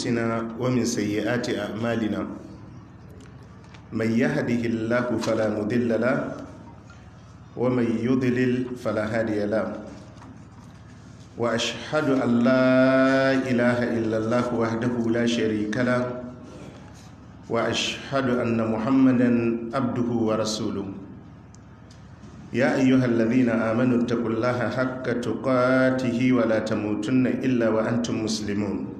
sina wamin sayyati a'malina man yahdihi Allahu fala mudilla la wa man yudlil fala hadiya la wa ashhadu an la illa Allah wahdahu la sharika la wa ashhadu anna Muhammadan abduhu wa rasuluhu ya ayyuhal ladhina amanu taqullaha haqqa tuqatihi wa la tamutunna illa wa antum muslimun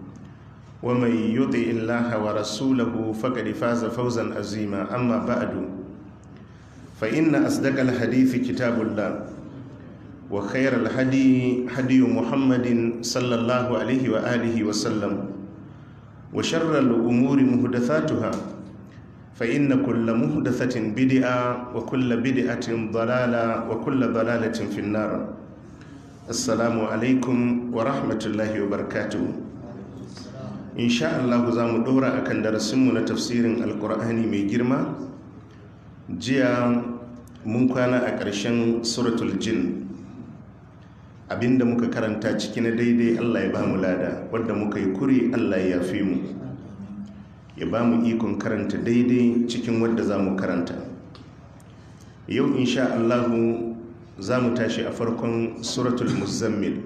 ومن يطع الله ورسوله فقد فاز فوزا عظيما اما بعد فان اصدق الحديث كتاب الله وخير الهدي هدي محمد صلى الله عليه واله وسلم وشر الامور محدثاتها فان كل محدثه بدعه وكل بدعه ضلاله وكل ضلاله في النار السلام عليكم ورحمه الله وبركاته insha Allah za mu dora kan darasinmu na tafsirin alkur'ani mai girma jiya mun kwana a ƙarshen suratul jin abinda muka karanta ciki na daidai Allah ya ba mu lada wadda muka yi kuri Allah ya fi mu ya ba mu ikon karanta daidai cikin wadda za mu karanta yau insha Allah za mu tashi a farkon suratul muzammil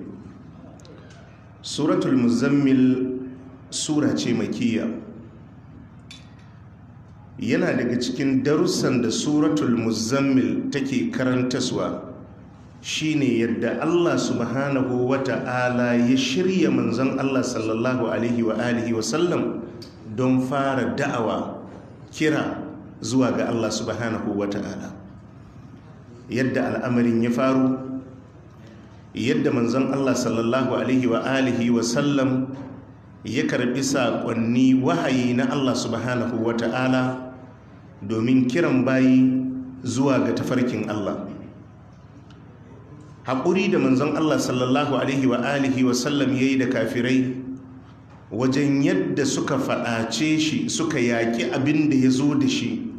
suratul muzammil sura ce makiya yana daga cikin darussan da suratul muzammil take karantaswa shine yadda Allah subhanahu wa ta'ala ya shirya manzon Allah sallallahu alaihi wa alihi wa sallam don fara da'awa kira zuwa ga Allah subhanahu wa ta'ala yadda al'amarin ya faru yadda manzon Allah sallallahu alaihi wa alihi wa sallam ya karbi saƙonni wahayi na Allah subhanahu wa ta'ala domin kiran bayi zuwa ga tafarkin Allah haƙuri da manzon Allah sallallahu alaihi wa alihi wa sallam ya yi da kafirai wajen yadda suka faɗace shi suka yaƙi abin da ya zo da shi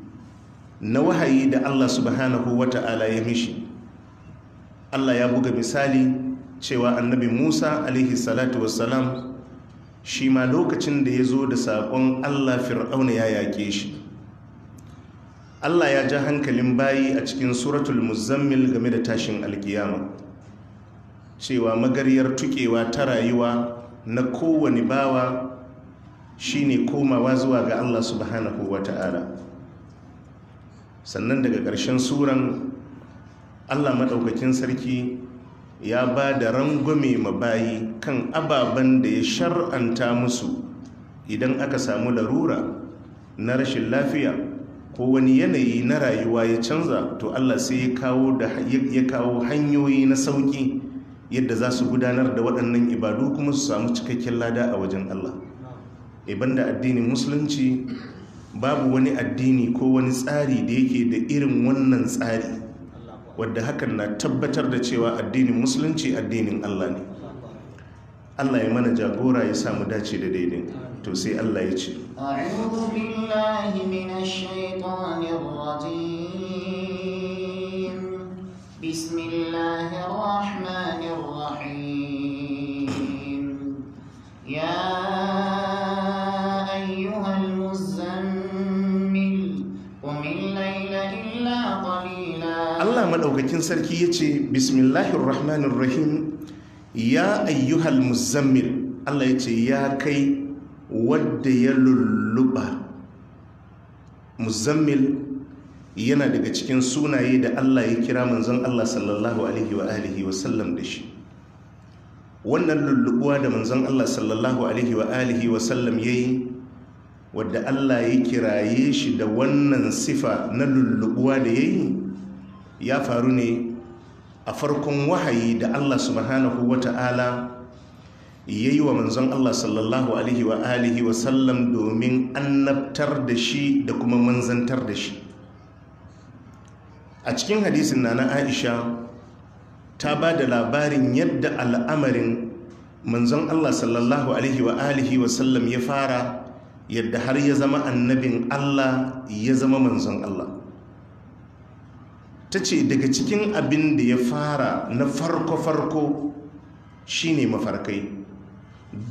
na wahayi da Allah subhanahu wa ya mishi Allah ya buga misali cewa annabi Musa alaihi salatu wassalam shi ma lokacin da ya zo da saƙon allah fir'auna ya yaƙe shi allah ya ja hankalin bayi a cikin suratul muzammil game da tashin alkiyama cewa magaryar tukewa ta rayuwa na kowane bawa shine komawa zuwa ga allah subhanahu wa ta'ala sannan daga ƙarshen suran allah maɗaukakin sarki ya ba da rangwame ma bayi kan ababen da ya shar'anta musu idan aka samu larura na rashin lafiya ko wani yanayi na rayuwa ya canza to Allah sai ya kawo ya kawo hanyoyi na sauki yadda za su gudanar da waɗannan ibadu kuma su samu cikakken lada a wajen Allah iban e, da addinin musulunci babu wani addini ko wani tsari da yake da irin wannan tsari wadda hakan na tabbatar da cewa addinin musulunci addinin allah ne allah ya mana jagora ya samu dace da daidai to sai allah ya ce بسم الله الرحمن الرحيم يا madaukakin sarki ya ce bismillahir rahmanir rahim ya ayyuhal muzammil allah ya ce ya kai wadda ya lulluɓa muzammil yana daga cikin sunaye da allah ya kira manzon allah sallallahu alaihi wa alihi wa sallam da shi wannan lulluɓuwa da manzon allah sallallahu alaihi wa alihi wa sallam ya yi wadda allah ya kiraye shi da wannan sifa na lulluɓuwa da ya yi ya faru ne a farkon wahayi da Allah subhanahu wa ta'ala ya yi wa manzon Allah sallallahu alaihi wa alihi wa sallam domin annabtar da shi da kuma manzantar da shi a cikin hadisin na na aisha ta ba da labarin yadda al'amarin manzon Allah sallallahu alaihi wa alihi wa sallam ya fara yadda har ya zama annabin Allah ya zama manzon Allah ta ce daga cikin abin da ya fara na farko-farko shine mafarkai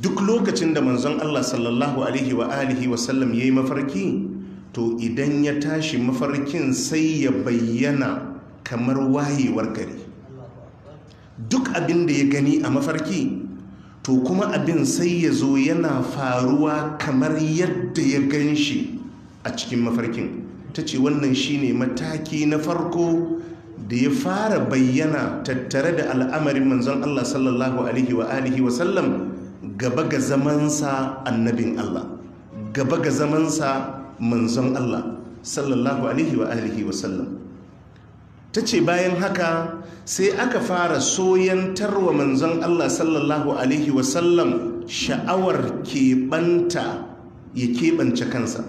duk lokacin da manzon Allah sallallahu alaihi wa alihi wasallam ya yi mafarki to idan ya tashi mafarkin sai ya bayyana kamar wayewar gari duk abin da ya gani a mafarki to kuma abin sai ya zo yana faruwa kamar yadda ya gan shi a cikin mafarkin ta ce wannan shine mataki na farko da ya fara bayyana tattare da al'amarin manzon Allah sallallahu alaihi wa alihi wa sallam gaba ga zamansa annabin Allah gaba ga zamansa manzon Allah sallallahu alaihi wa alihi wa sallam ta ce bayan haka sai aka fara soyantarwa manzon Allah sallallahu alaihi wa sallam sha'awar keɓanta ya keɓance kansa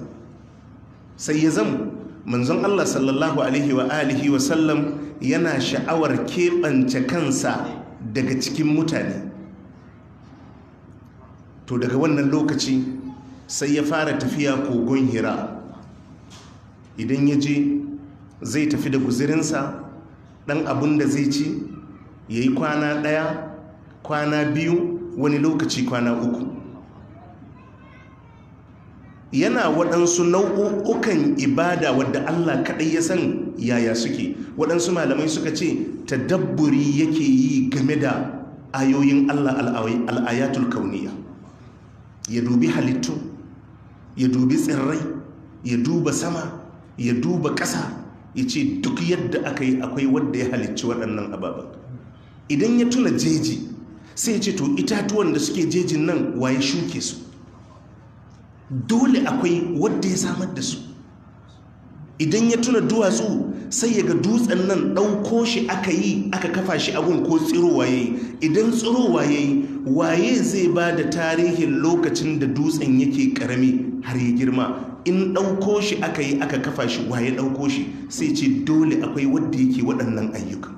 sai ya zama manzon Allah sallallahu alaihi wa alihi wa sallam yana sha'awar keɓance kansa daga cikin mutane to daga wannan lokaci sai ya fara tafiya kogon hira idan ya je zai tafi da guzirinsa ɗan abun da zai ci ya yi kwana ɗaya kwana biyu wani lokaci kwana uku yana waɗansu nau'ukan ibada wadda Allah kaɗai ya san yaya suke waɗansu malamai suka ce tadabburi yake yi game da ayoyin Allah al'ayatul kauniya ya dubi halittu ya dubi tsirrai ya duba sama ya duba ƙasa ya ce duk yadda aka yi akwai wadda ya halicci waɗannan ababen idan ya tuna jeji sai ya ce to itatuwan da suke jejin nan waye shuke su dole akwai wadda ya samar da su idan ya tuna duwatsu sai ya ga dutsen nan ɗauko shi aka yi aka kafa shi abun ko tsirowa ya idan tsirowa ya waye zai ba da tarihin lokacin da dutsen yake karami har ya girma in ɗauko shi aka yi aka kafa shi waye ɗauko shi sai ce dole akwai wadda yake waɗannan ayyuka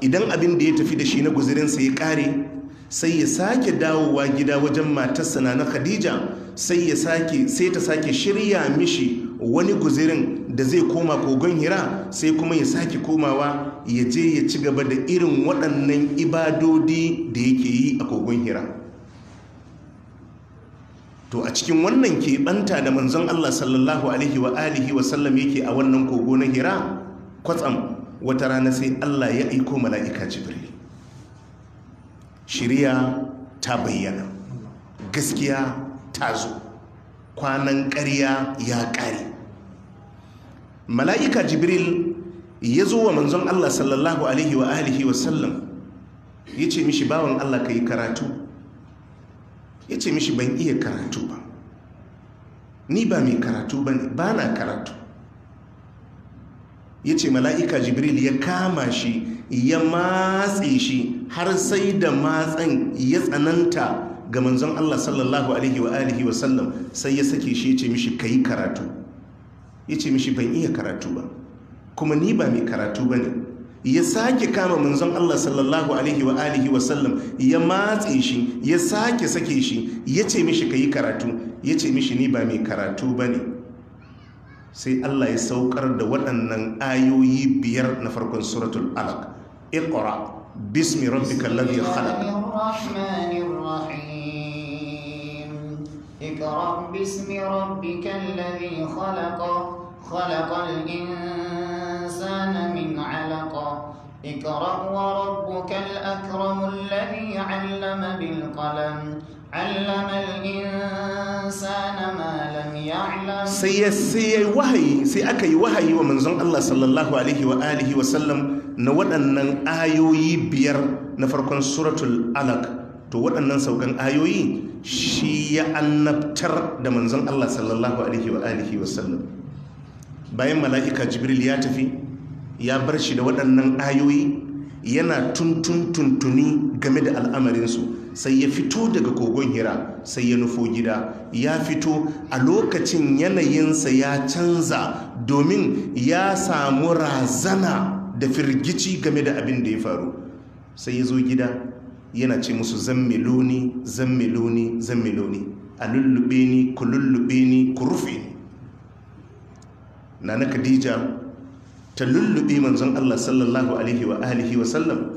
idan abin da ya tafi da shi na guzirinsa ya ƙare sai ya sake dawowa gida wajen matarsa na khadija sai ya sake sai ta sake shirya mishi wani guzirin da zai koma kogon hira sai kuma ya sake komawa ya je ya ci gaba da irin waɗannan ibadodi da yake yi a kogon hira to a cikin wannan keɓanta da manzon allah sallallahu alaihi wa alihi wa sallam yake a wannan kogo na hira kwatsam wata rana sai allah ya aiko mala'ika jibril shirya ta bayyana gaskiya ta zo kwanan ƙarya ya ƙare mala'ika jibril ya zo wa manzon allah sallallahu alaihi wa alihi wasallam ya ce mishi bawan allah ka yi karatu ya ce mishi ban iya karatu ba ni ba mai karatu ba ne ba na karatu ya ce mala'ika jibril ya kama shi ya matse shi har sai da matsan ya tsananta ga manzon Allah sallallahu alaihi wa alihi wa sallam sai ya sake shi ya ce mishi kai karatu ya ce mishi ban iya karatu ba kuma ni ba mai karatu ba ne ya sake kama manzon Allah sallallahu alaihi wa alihi wa sallam ya matse shi ya sake sake shi ya ce mishi kai karatu ya ce mishi ni ba mai karatu ba ne sai Allah ya saukar da waɗannan ayoyi biyar na farkon suratul alaq اقرأ باسم ربك الذي خلق الرحمن الرحيم اقرأ باسم ربك الذي خلق خلق الإنسان من علق اقرأ وربك الأكرم الذي علم بالقلم علم الإنسان ما لم يعلم سي سي وهي سي أكي وهي ومنزون الله صلى الله عليه وآله وسلم نودن آيوي بير نفركن سورة الألق to waɗannan saukan ayoyi shi ya annabtar da manzon Allah sallallahu alaihi wa alihi wa sallam bayan mala'ika jibril ya tafi ya bar shi da waɗannan ayoyi yana tuntun tuntuni game da al'amarinsu sai ya fito daga kogon hira sai ya nufo gida ya fito a lokacin yanayinsa ya canza domin ya samu razana da firgici game da abin da ya faru sai ya zo gida yana ce musu zammiloni zammiloni zammiloni a lullube ni ku lullube ni ku rufe ni nana khadija ta lullube manzon allah sallallahu alaihi wa alihi wa sallam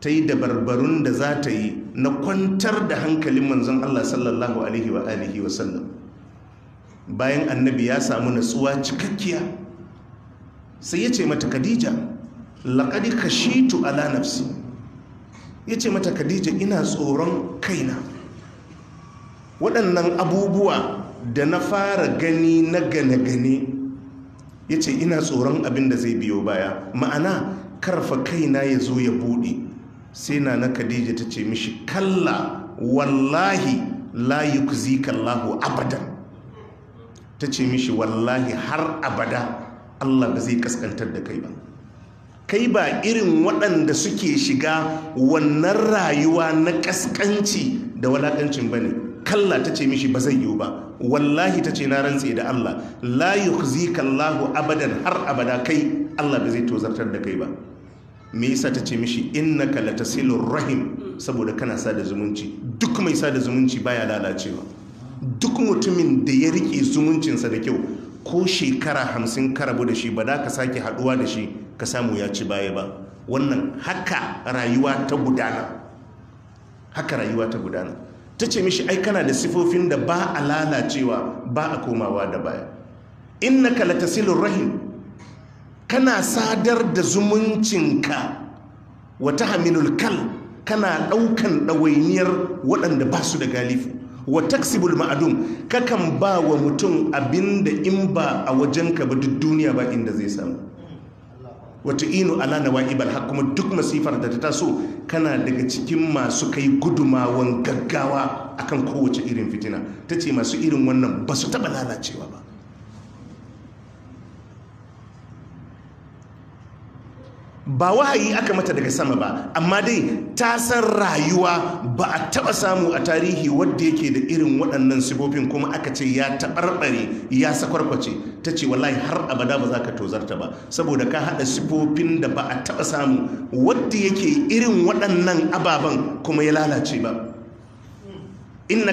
ta yi dabarbarun da za ta yi na kwantar da hankalin manzon Allah sallallahu alaihi wa alihi wa sallam bayan annabi ya samu natsuwa cikakkiya sai ya ce mata Khadija laqad kashitu ala nafsi ya ce mata Khadija ina tsoron kaina waɗannan abubuwa da na fara gani na gane-gane ya ce ina tsoron abin da zai biyo baya ma'ana karfa kaina ya zo ya buɗe sai na na khadija ta ce mishi kalla wallahi la yukzika Allahu abadan ta ce mishi wallahi har abada Allah ba zai kaskantar da kai ba kai ba irin waɗanda suke shiga wannan rayuwa na kaskanci da walaƙancin ba ne kalla ta ce mishi ba zai yiwu ba wallahi ta ce na rantse da Allah la yukzika Allahu abadan har abada kai Allah ba zai tozartar da kai ba me yasa ta ce mishi innaka latasilur rahim saboda kana sada zumunci duk mai sada zumunci baya lalacewa duk mutumin da ya rike zumuncinsa da kyau ko shekara hamsin karabu da shi ba da ka sake haduwa da shi ka samu ya ci baya ba wannan haka rayuwa ta gudana haka rayuwa ta gudana ta ce mishi ai kana da sifofin da ba a lalacewa ba a komawa da baya innaka latasilur rahim kana sadar da zumuncinka wata haminul kal kana ɗaukan ɗawainiyar waɗanda ba su da galifu wa taksibul ma'adum kakan ba wa mutum abin da in ba a wajenka ba duk duniya ba inda zai samu wata inu ala na wa'ibal har kuma duk masifar da ta taso kana daga cikin masu kai gudumawan gaggawa akan kowace irin fitina ta ce masu irin wannan ba su taɓa lalacewa ba ba wahayi aka mata daga sama ba amma dai ta san rayuwa ba a taba samu a tarihi wadda yake da irin waɗannan sifofin kuma aka ce ya taɓarɓare ya sakwarkwace ta ce wallahi har abada ba za ka tozarta ba saboda ka haɗa sifofin da ba a taɓa samu wadda yake irin waɗannan ababen kuma ya lalace ba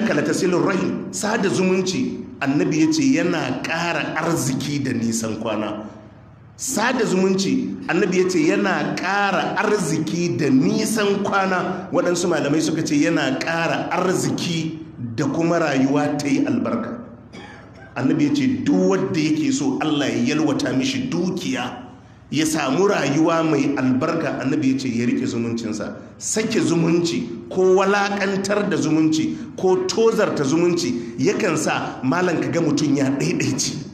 kala ta rahim sada zumunci annabi ya ce yana ƙara arziki da nisan kwana sada zumunci annabi ya ce yana ƙara arziki da nisan kwana waɗansu malamai suka ce yana ƙara arziki da kuma rayuwa ta yi albarka annabi ya ce duk wanda yake so allah ya yalwata mishi dukiya ya samu rayuwa mai albarka annabi ya ce ya rike zumuncinsa sake zumunci ko walakantar da zumunci ko tozarta zumunci yakan sa malanka ka ga mutum ya ɗaiɗaici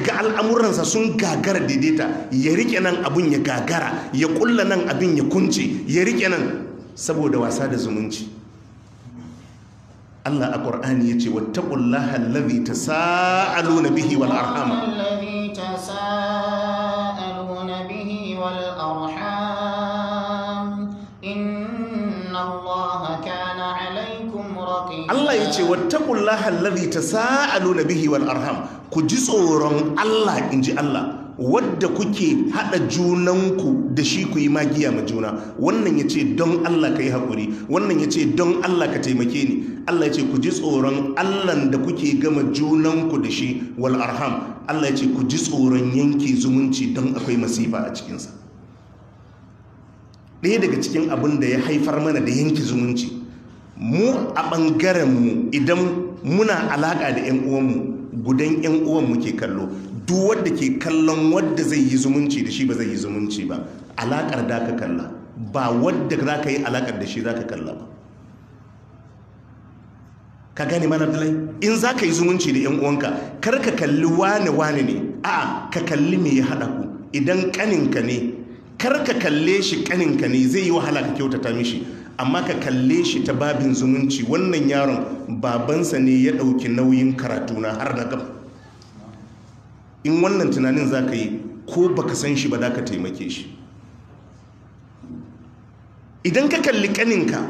kaga al'amuransa sun gagara daidaita ya rike nan abin ya gagara ya kulla nan abin ya kunce ya rike nan saboda wasa da zumunci Allah a ƙur'ani ya ce wattaqullaha allazi tasaaluna bihi wal arham ce wattaqullaha allazi nuna bihi wal arham ku ji tsoron Allah inji Allah wadda kuke hada junanku da shi ku yi magiya ma juna wannan ya ce don Allah ka yi haƙuri wannan ya ce don Allah ka taimake ni Allah yace ce ku ji tsoron Allah da kuke gama junanku da shi wal arham Allah yace ce ku ji tsoron yanke zumunci don akwai masifa a cikinsa ɗaya daga cikin abin da ya haifar mana da yanke zumunci mu a ɓangarenmu idan muna alaƙa da 'yan uwanmu gudan 'yan uwan muke kallo duk wadda ke kallon wadda zai yi zumunci da shi ba zai yi zumunci ba alaƙar da ka kalla ba wadda za ka yi alaƙar da shi za ka kalla ba ka gane mana dalai in za ka yi zumunci da 'yan uwanka kar ka kalli wane wane ne a'a ka kalli me ya haɗa ku idan ƙaninka ne kar ka kalle shi ƙaninka ne zai yi wahala ka kyautata mishi amma ka kalle shi ta babin zumunci wannan yaron babansa ne ya ɗauki nauyin karatu har na gaba in wannan tunanin za ka yi ko baka san shi ba za ka taimake shi idan ka kalli kaninka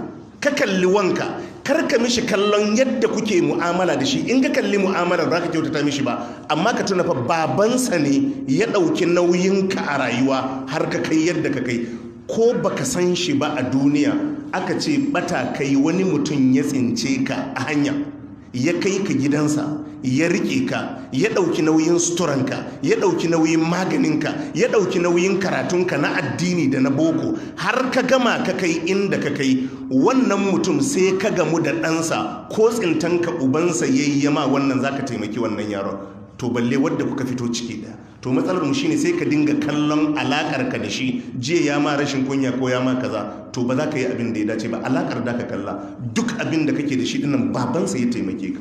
ka kalli wanka kar ka mishi kallon yadda kuke mu'amala da shi in ka kalli mu'amalar za ka kyautata mishi ba amma ka tunafa babansa ne ya ɗauki nauyinka a rayuwa har ka kai yadda ka kai ko baka san shi ba a duniya aka ce bata kai wani mutum ya tsince ka a hanya ya kai ka gidansa ya rike ka ya ɗauki nauyin suturanka ya ɗauki nauyin maganinka ya ɗauki nauyin karatunka na addini da na boko har ka gama ka kai inda ka kai wannan mutum sai ka gamu da ɗansa ko tsintanka ubansa ya yi yama wannan zaka taimaki wannan yaron to balle wadda kuka fito ciki da to matsalar mu shine sai ka dinga kallon alakar ka da shi jiya ya ma rashin kunya ko ya ma kaza to ba za ka yi abin da ya dace ba alakar da ka kalla duk abin da kake da shi dinnan babansa ya taimake ka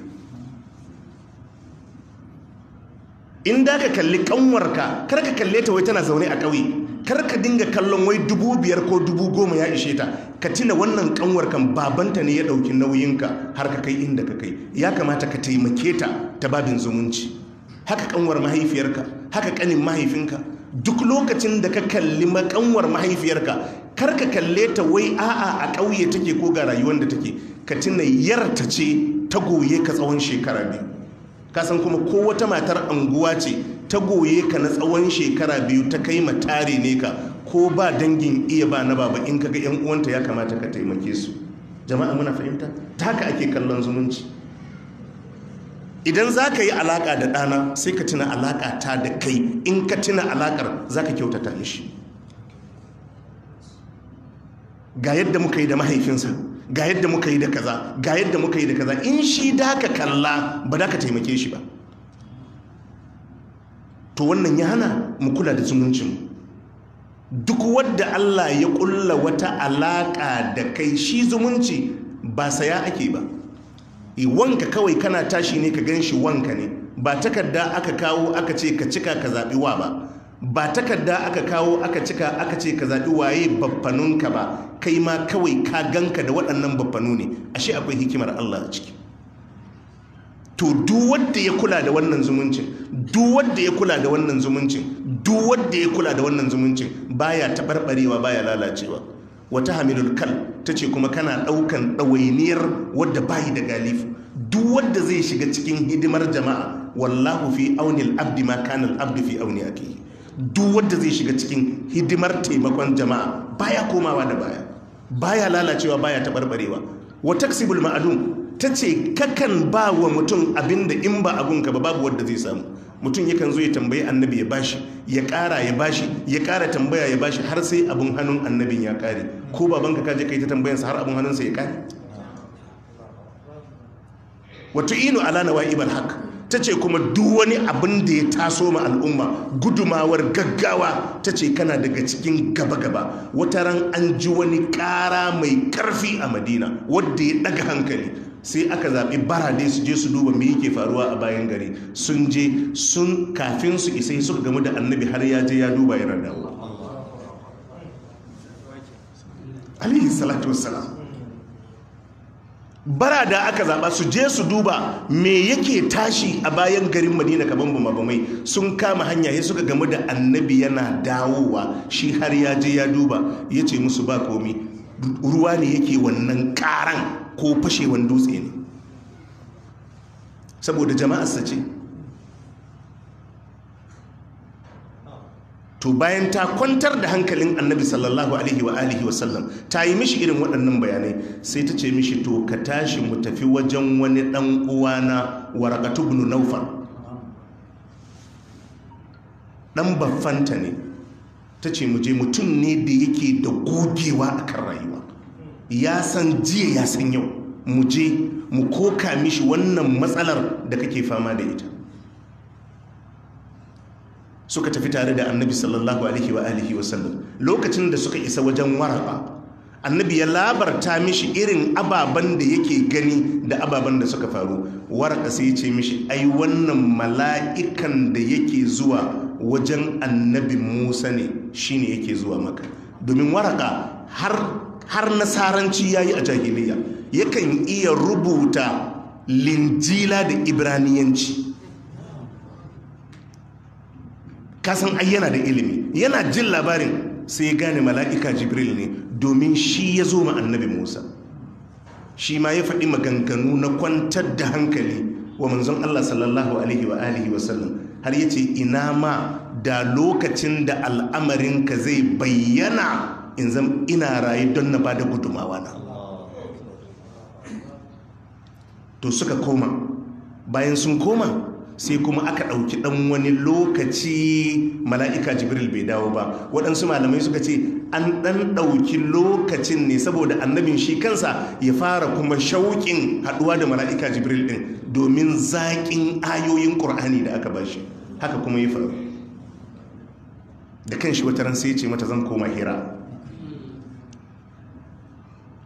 in da ka kalli ka kar ka kalle ta wai tana zaune a ƙauye kar ka dinga kallon wai dubu biyar ko dubu goma ya ishe ta ka tuna wannan kanwar kan babanta ne ya ɗauki nauyinka har ka kai inda ka kai ya kamata ka taimake ta ta babin zumunci haka kanwar mahaifiyarka haka kanin mahaifinka duk lokacin da ka kalli makanwar mahaifiyarka kar ka kalle ta wai a'a a ƙauye take ko ga rayuwar da take ka tuna yarta ce ta goye ka tsawon shekara biyu ka san kuma ko wata matar anguwa ce ta goye ka na tsawon shekara biyu ta kai matare ne ka ko ba dangin iya ba na baba in ka ga yan uwanta ya kamata ka taimake su jama'a muna fahimta ta haka ake kallon zumunci idan za ka yi alaƙa da ɗana sai ka tuna alaƙa ta da kai in ka tuna alaƙar za ka kyautata shi. ga yadda muka yi da mahaifinsa ga yadda muka yi da kaza ga yadda muka yi da kaza in shi da ka kalla ba da ka taimake shi ba to wannan ya hana mu kula da zumuncin duk wadda Allah ya ƙulla wata alaƙa da kai shi zumunci ba saya ake ba wanka kawai kana tashi ne ka gan shi wanka ne ba takarda aka kawo aka ce ka cika ka zaɓi wa ba ba takarda aka kawo aka cika aka ce ka zaɓi waye baffanunka ba kai ma kawai ka ganka da waɗannan baffanu ne ashe akwai hikimar Allah a ciki to duwadda ya kula da wannan zumuncin duwadda ya kula da wannan zumuncin duk ya kula da wannan zumuncin baya taɓarɓarewa baya lalacewa wata hamilul kal ta ce kuma kana ɗaukan ɗawainiyar wadda bayi da galifu duk wadda zai shiga cikin hidimar jama'a wallahu fi aunil abdi ma kana abdi fi auni ake duk wadda zai shiga cikin hidimar taimakon jama'a baya komawa da baya baya lalacewa baya taɓarɓarewa wa taksibul ma'adun ta ce kakan ba wa mutum abinda in ba abunka ba babu wadda zai samu mutum yakan zo ya tambayi annabi ya bashi ya kara ya bashi ya kara tambaya ya bashi har sai abun hannun annabin ya kare ko babanka ka je kai ta tambayansa har abun hannunsa ya kare wato inu ala nawa'ibal haq ta ce kuma duk wani abin da ya taso ma al'umma gudumawar gaggawa ta ce kana daga cikin gaba-gaba wata ran an ji wani kara mai karfi a madina wadda ya daga hankali sai aka zaɓi barade su je su duba me yake faruwa a bayan gari sun je sun kafin su isai suka gamu da annabi har ya je ya duba yana dawo alayhi salatu wassalam barada aka zaɓa su je su duba me yake tashi a bayan garin madina kaban bumabamai sun kama hanya ya suka gamu da annabi yana dawowa shi har ya je ya duba ya ce musu ba komi ruwa ne yake wannan karan ko fashewan dutse ne saboda sa ce to bayan ta kwantar da hankalin annabi sallallahu alaihi wa alihi wasallam ta yi mishi irin waɗannan bayanai sai ta ce mishi to ka tashi mu tafi wajen wani ɗan uwana warakatu bin naufar. ɗan baffanta ne ta ce mu je mutum ne da yake da gogewa a kan rayuwa ya san jiya ya san yau mu je mu koka mishi wannan matsalar da kake fama da ita suka tafi tare da annabi sallallahu alaihi wa alihi wasallam lokacin da suka isa wajen waraba annabi ya labarta mishi irin ababen da yake gani da ababen da suka faru waraka sai ce mishi ai wannan mala'ikan da yake zuwa wajen annabi musa ne shine yake zuwa maka domin waraka har har nasaranci ya yi a jahiliya yakan iya rubuta linjila da ibraniyanci kasan ai yana da ilimi yana jin labarin sai ya gane mala'ika jibril ne domin shi ya zo ma annabi musa shi ma ya faɗi maganganu na kwantar da hankali wa manzon allah sallallahu alaihi wa alihi wasallam har yace ina ma da lokacin da al'amarinka zai bayyana in zan ina rayu don na bada gudumawa na to suka koma bayan sun koma sai kuma aka ɗauki ɗan wani lokaci mala'ika jibril bai dawo ba waɗansu malamai suka ce an ɗan ɗauki lokacin ne saboda annabin shi kansa ya fara kuma shauƙin haɗuwa da mala'ika jibril ɗin domin zaƙin ayoyin ƙur'ani da aka bashi haka kuma ya faru da kan shi wata ran sai ce mata zan koma hira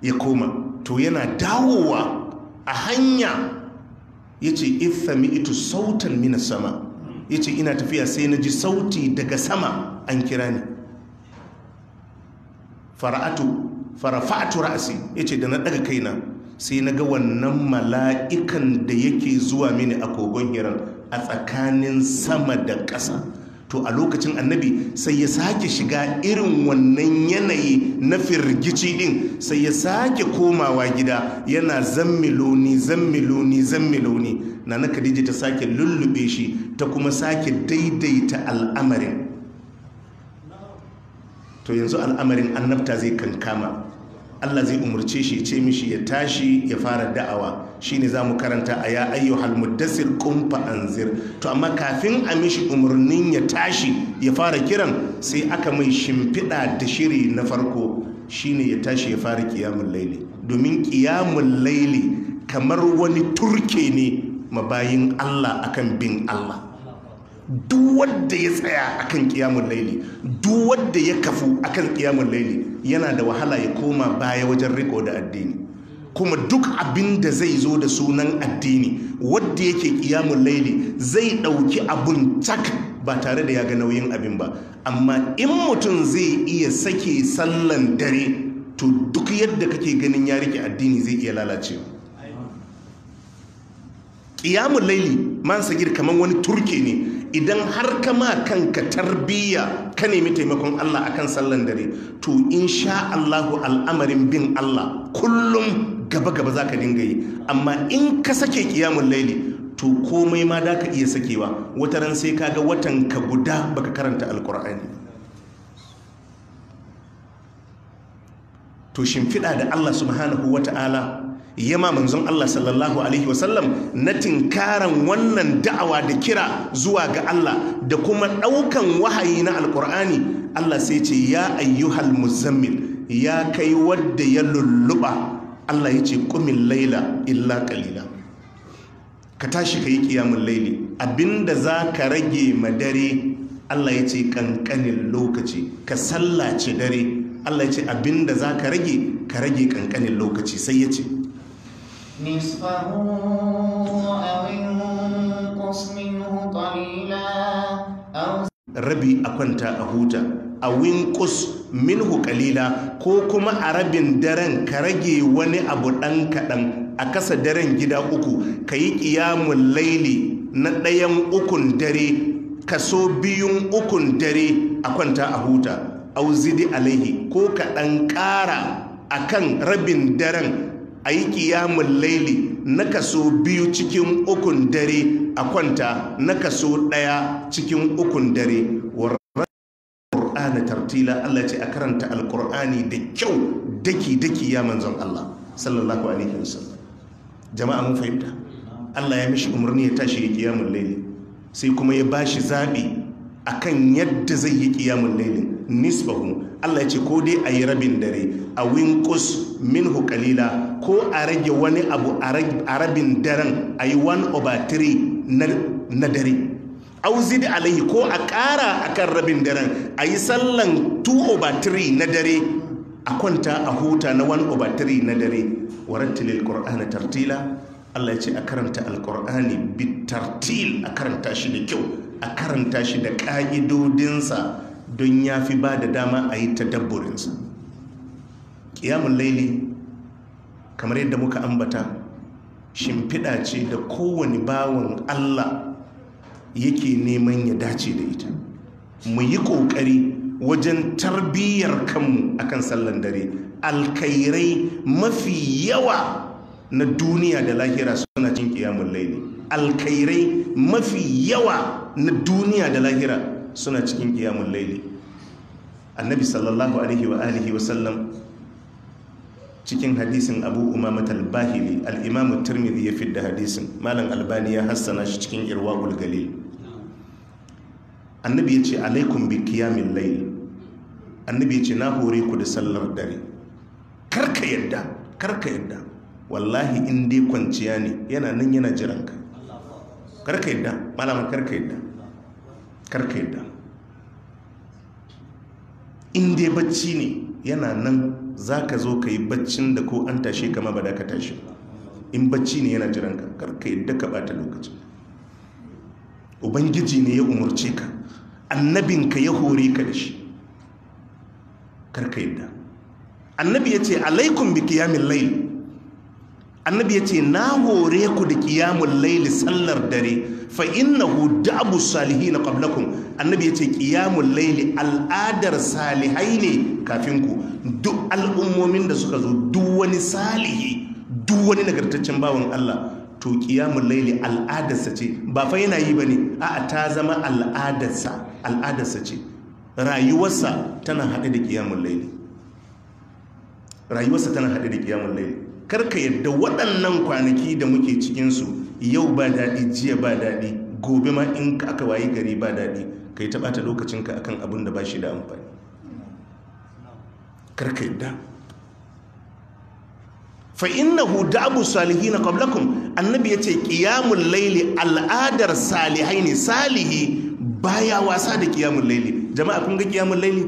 ya koma to yana dawowa a hanya ya ce ifami ito sautan mina sama ya ce ina tafiya sai na ji sauti daga sama an kira ni fara'atu fara'atu ra'asi ya ce da na daga kaina sai na ga wannan mala'ikan da yake zuwa mini a kogon hiran a tsakanin sama da ƙasa to a lokacin annabi sai ya sake shiga irin wannan yanayi na firgici din sai ya sake komawa gida yana zammiloni zammiloni zammiloni na na khadija ta sake lullube shi ta kuma sake daidaita al'amarin to yanzu al'amarin annabta zai kankama Allah zai umarce shi ce mishi ya tashi ya fara da'awa shine za mu karanta a ya ayyuhal muddassir qum fa anzir to amma kafin a mishi umarnin ya tashi ya fara kiran sai aka mai shimfiɗa da shiri na farko shine ya tashi ya fara kiyamun laili domin kiyamun laili kamar wani turke ne mabayin Allah akan bin Allah duk wanda ya tsaya akan kiyamun laili duk wanda ya kafu akan kiyamun laili yana da wahala ya koma baya wajen riko da addini kuma duk abin da zai zo da sunan addini wadda yake kiyamun laili zai ɗauki abun cak ba tare da ya ga nauyin abin ba amma in mutum zai iya sake sallan dare to duk yadda kake ganin ya rike addini zai iya lalacewa ƙiyamun laili man sagir kamar wani turke ne idan har ka kama kanka tarbiyya ka nemi taimakon Allah a kan sallan dare to insha Allahu al'amarin bin Allah kullum gaba gaba za ka dinga yi amma in ka sake kiyamun laili to komai ma da ka iya sakewa wata ran sai ga watan ka guda baka karanta alkur'ani to shimfiɗa da Allah subhanahu wata'ala yama manzon Allah sallallahu alaihi wasallam na tinkaran wannan da'awa da kira zuwa ga Allah da kuma ɗaukan wahayi na alkur'ani Allah sai ce ya ayyuhal muzammil ya kai wadda ya lulluɓa. Allah ya ce kumin laila illa kalila ka tashi ka yi kiyamun laili abinda za ka rage ma dare Allah ya ce kankanin lokaci ka sallace dare Allah ya ce abinda za ka rage ka rage ƙanƙanin lokaci sai ya ce rabi a kwanta a huta a winkus minhu kalila ko kuma a rabin daren ka rage wani abu ɗan kaɗan a kasa daren gida uku ka yi ƙiyamun laili na ɗayan ukun dare ka so biyun ukun dare a kwanta a huta auzidi alaihi ko ka ɗan ƙara a kan rabin daren a yi ƙiyamun laili na kaso biyu cikin ukun dare a kwanta na kaso ɗaya cikin ukun dare tartila Allah ce a karanta alkur'ani da kyau daki-daki ya manzon Allah sallallahu alaihi wasallam jama'a mun fahimta Allah ya mishi umarni ya tashi ya kiyamun laili sai kuma ya bashi zaɓi akan yadda zai yi ƙiyamun lailin nisbahu Allah ya ce ko dai a yi rabin dare a winkus min kalila ko a rage wani abu a rabin daren a yi 1 over 3 na dare auzid alaihi ko a ƙara a kan rabin daren a yi sallan 2 over 3 na dare a kwanta a huta na 1 over 3 na dare warattilil qur'ana tartila Allah ya ce a karanta alqur'ani bitartil a karanta shi da kyau a karanta shi da ƙa'idodinsa don ya fi ba da dama a yi tadabburinsa ƙiyamun laili kamar yadda muka ambata shimfiɗa ce da kowane bawon allah yake neman ya dace da ita mu yi ƙoƙari wajen tarbiyyar kanmu akan sallan dare alkairai mafi yawa na duniya da lahira suna cin ƙiyamun laili alkairai mafi yawa na duniya da lahira suna cikin ƙiyamun laili annabi sallallahu alaihi wa alihi wa sallam cikin hadisin abu umamat al-bahili al-imamu tirmidhi ya fidda hadisin malam albani ya hassana shi cikin irwaqul galil annabi ya ce alaikum bi qiyamil layl annabi ya ce na hore ku da sallar dare karka yadda karka yadda wallahi in dai kwanciya ne yana nan yana jiranka karka yadda malama karka yadda karka yadda in dai bacci ne yana nan za ka zo ka yi baccin da ko an tashe kama ba da ka tashi in bacci ne yana jiran ka yadda ka bata lokacin ubangiji ne ya umarce ka annabinka ya hore ka da shi karka yadda annabi ya ce alaikum bi kiyamin annabi ya ce na hore ku da kiyamun laili sallar dare fa abu salihi na qablakum annabi ya ce kiyamun laili al'adar salihai ne kafin ku duk al'ummomin da suka zo duk wani salihi duk wani nagartaccen bawan Allah to kiyamun laili al'adarsa ce ba fa yana yi ba ne a'a ta zama al'adarsa al'adarsa ce rayuwarsa tana haɗe da kiyamun laili rayuwarsa tana haɗe da kiyamun laili karka yadda waɗannan kwanaki da muke cikinsu yau ba daɗi jiya ba daɗi gobe ma in aka wayi gari ba daɗi ka yi taɓata lokacinka akan abin da ba shi da amfani karka yadda huda abu salihi na ƙwablakun annabi ya ce ƙiyamun laili al'adar salihai ne salihi baya wasa da ƙiyamun laili jama'a kun ga ƙiyamun laili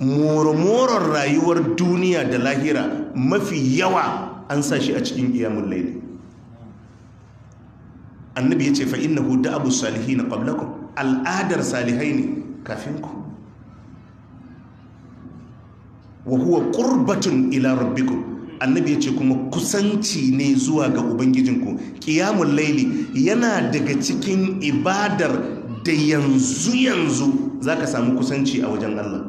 moromoron rayuwar duniya da lahira mafi yawa an sa shi a cikin iyamun laili annabi ya ce fa abu Salihi na qablakum al'adar salihai ne kafin ku wa huwa annabi ya ce kuma kusanci ne zuwa ga ubangijinku ƙiyamun laili yana daga cikin ibadar da yanzu yanzu za ka samu kusanci a wajen allah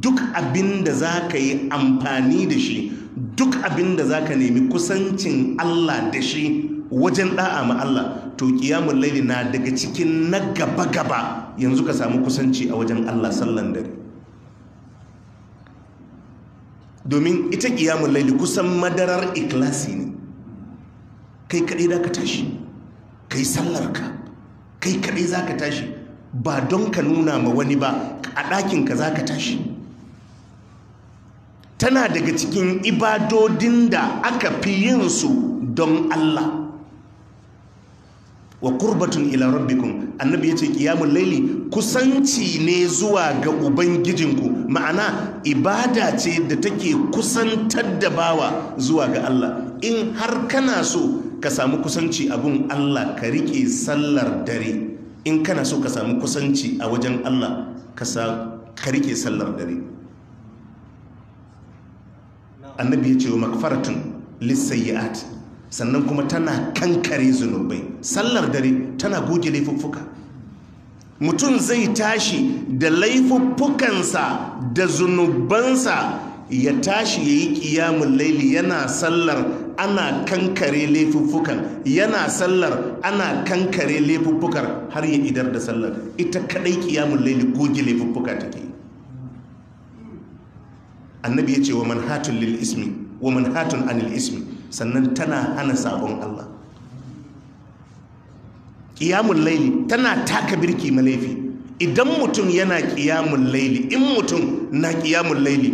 duk abin da za ka yi amfani da shi duk abin da za ka nemi kusancin Allah da shi wajen da'a ma Allah to kiyamun laili na daga cikin na gaba-gaba yanzu ka samu kusanci a wajen Allah sallan dare domin ita kiyamun laili kusan madarar ikilasi ne kai kaɗai za ka tashi kai sallarka kai kaɗai za ka tashi ba don ka nuna ma wani ba a ɗakinka za ka tashi tana daga cikin ibadodin da aka fi yin su don Allah wa kurbatun ila rabbikum annabi ya ce kiyamun laili kusanci ne zuwa ga ubangijinku ma'ana ibada ce da take kusantar da bawa zuwa ga Allah in har kana so ka samu kusanci abun Allah ka rike sallar dare in kana so ka samu kusanci a wajen Allah ka rike sallar dare annabi ya ce wa makfaratun lissayyat sannan kuma tana kankare zunubai sallar dare tana goge laifuffuka mutum zai tashi da laifuffukansa da zunubansa ya tashi ya yi ƙiyamun laili yana sallar ana kankare laifuffukan yana sallar ana kankare laifuffukar har ya idar da sallar ita kaɗai ƙiyamun laili goge laifuffuka take yi annabi ya ce wa manhatun lil ismi wa manhatun anil ismi sannan tana hana sabon Allah ƙiyamun laili tana taka birki malaifi idan mutum yana ƙiyamun laili in mutum na ƙiyamun laili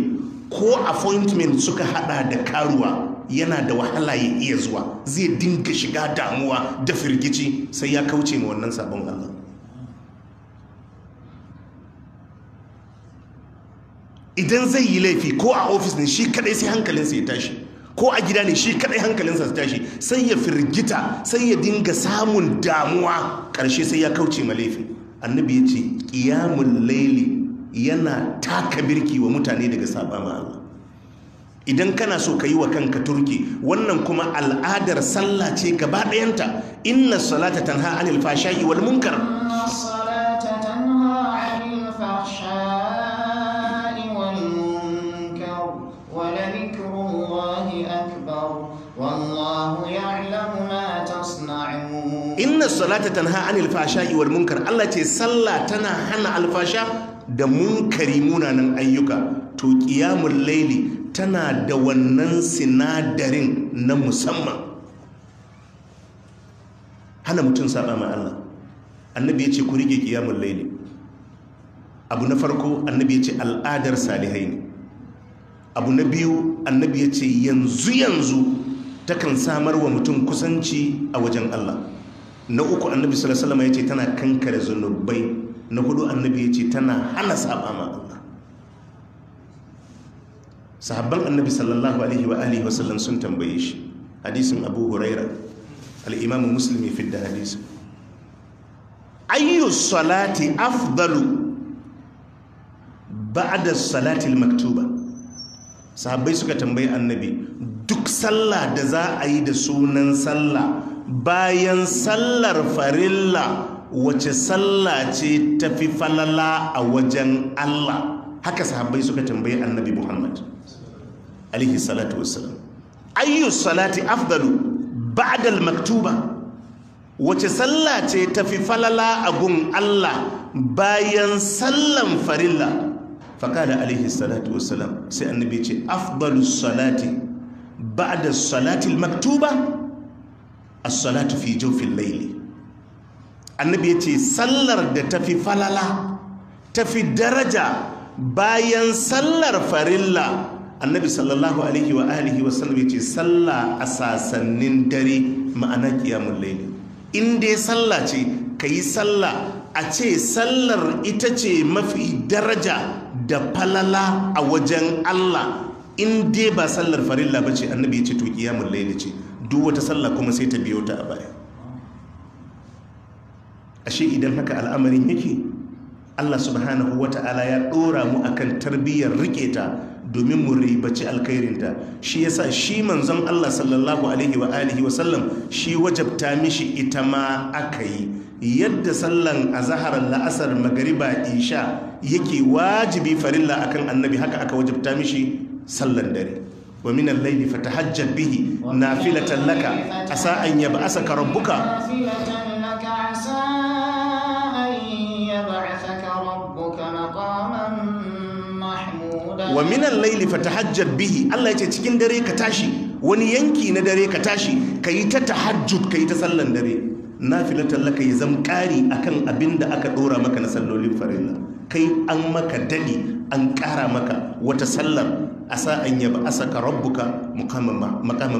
ko appointment suka hada da karuwa yana da wahala ya iya zuwa zai dinka shiga damuwa da firgici sai ya kauce ma wannan sabon Allah idan zai yi laifi ko a ofis ne shi kadai sai hankalinsa ya tashi ko a gida ne shi kadai hankalinsa ya tashi sai ya firgita sai ya dinga samun damuwa karshe sai ya kauce ma laifi. annabi ya ce ƙiyamun laili yana taka birki wa mutane daga saba ma Allah idan kana so ka yi wa kanka turki wannan kuma al'adar sallah ce gaba ɗayanta inna salata tanha anil fashai wal munkar inna salata tanha anil alfasha wal munkar Allah ce sallah tana hana alfasha da munkari munanan ayyuka to qiyamul laili tana da wannan sinadarin na musamman hana mutum saba ma Allah annabi ya ku rige qiyamul laili abu na farko annabi ya ce al'adar salihai ne abu na biyu annabi yace yanzu yanzu takan samar wa mutum kusanci a wajen Allah na uku annabi sallallahu alaihi wasallam yace tana kankare zunubai na hudu annabi yace tana hana saba ma Allah sahabban annabi sallallahu alaihi wa alihi wasallam sun tambaye shi hadisin Abu Huraira al-Imam Muslim fi hadisi ayyu salati afdalu ba'da salati al-maktuba sahabbai suka tambayi annabi duk sallah da za a yi da sunan sallah bayan sallar farilla wace sallah ce tafi falala a wajen Allah haka sahabbai suka tambayi annabi Muhammad alaihi salatu wassalam ayyu salati afdalu ba'da al-maktuba wace sallah ce tafi falala a gun Allah bayan sallan farilla faqala alaihi salatu wassalam sai annabi ce afdalu salati ba'da salati al-maktuba as-salatu fi jawfil layl annabi yace sallar da tafi falala tafi daraja bayan sallar farilla annabi sallallahu alaihi wa alihi wa sallam yace salla a sasannin dare ma'ana qiyamul layl inda dai salla ce kayi salla a ce sallar ita ce mafi daraja da falala a wajen Allah inda ba sallar farilla ba ce annabi ya ce to qiyamul laili ce duk wata sallah kuma sai ta biyo ta a baya ashe idan haka al'amarin yake Allah subhanahu ta'ala ya ɗora mu akan tarbiyyar rike ta domin mu ribaci alkhairin ta. shi yasa shi manzon Allah sallallahu alaihi wa alihi wa sallam shi wajabta mishi ita ma aka yi yadda sallan azhar la'asar magariba isha yake wajibi farilla akan annabi haka aka wajabta mishi sallan dare wa minan al-layli fatahajjad bihi a laka asa an yab'asaka rabbuka wa minan laili hajjar bihi Allah yace cikin dare ka tashi wani yanki na dare ka tashi ka kayi ta tahajjud yi ta sallan dare Na fila laka ya zan kari akan abin da aka dora maka na sallolin farilla kai an maka dadi an kara maka wata sallar asa an yaba asaka rabbuka makamin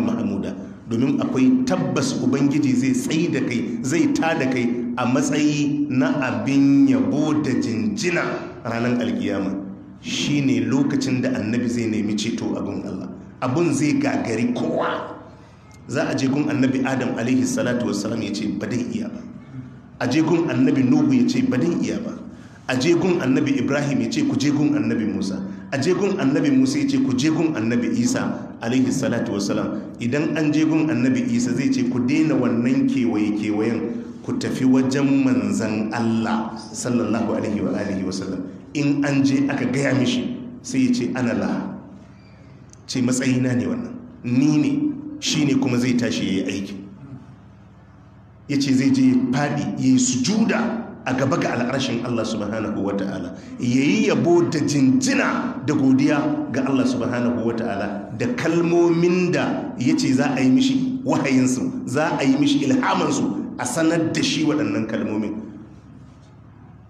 mahamuda domin akwai tabbas ubangiji zai tsayi da kai zai ta da kai a matsayi na abin yabo da jinjina ranar alkiyama shine lokacin da annabi zai nemi ceto abin allah abin zai gagari kowa za a je gun annabi adam alaihi salatu wassalam ya ce ba iya ba a je gun annabi nuhu ya ce ba iya ba a je gun annabi ibrahim ya ce ku je gun annabi musa a jegun annabi musa ya ce ku jegun annabi isa alaihi salatu wasalam idan an jegun annabi isa zai ce ku daina wannan kewaye kewayen ku tafi wajen manzan allah sallallahu alaihi wa alihi wasallam in an je aka gaya mishi sai ya ce ana la ce matsayina ne wannan ni ne shi ne kuma zai tashi ya yi aiki ya ce zai je faɗi ya yi sujuda a gaba ga al'arshin Allah subhanahu wa ta'ala yayi yabo da jinjina da godiya ga Allah subhanahu wa ta'ala da kalmomin da ya ce za a yi mishi wahayinsu za a yi mishi ilhamansu a sanar da shi waɗannan kalmomin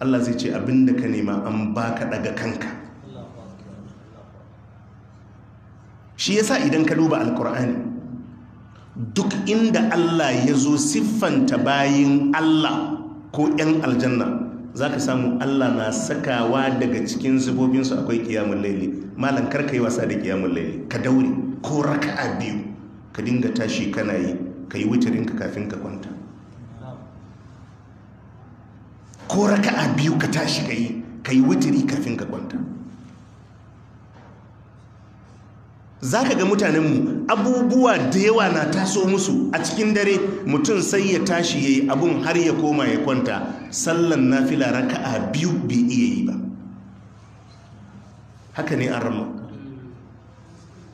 Allah zai ce abinda ka nema an ba ka daga kanka shi yasa idan ka duba alkur'ani duk inda Allah ya zo siffanta bayin Allah ko 'yan aljanna za ka samu allah na sakawa daga cikin zubobinsu akwai kiyamun laili malam karka yi wasa da kiyamun laili ka daure ko raka'a biyu ka dinga tashi kana yi ka yi wutarinka kafin ka kwanta ko raka'a biyu ka tashi ka yi ka yi wutari kafin ka kwanta za ka ga mutanenmu abubuwa da yawa na taso musu a cikin dare mutum sai ya tashi ya yi abun har ya koma ya kwanta sallan na fila raka'a biyu bai iya yi ba haka ne an rama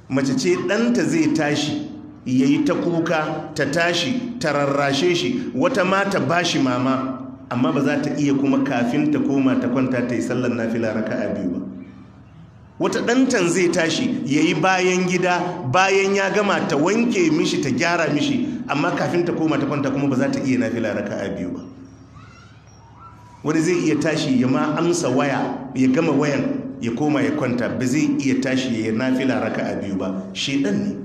mace ce ɗanta zai tashi ya yi ta kuka ta tashi ta rarrashe shi wata mata ba shi mama amma ba za ta iya kuma kafin ta koma ta kwanta ta yi sallan na fila raka'a biyu ba wata ɗantan zai tashi ya yi bayan gida bayan ya gama ta wanke mishi ta gyara mishi amma kafin ta koma ta kwanta kuma ba za ta iya nafila raka a biyu ba wani zai iya tashi ya ma amsa waya ya gama wayan ya koma ya kwanta ba zai iya tashi ya nafila raka a biyu ba Sheɗan ne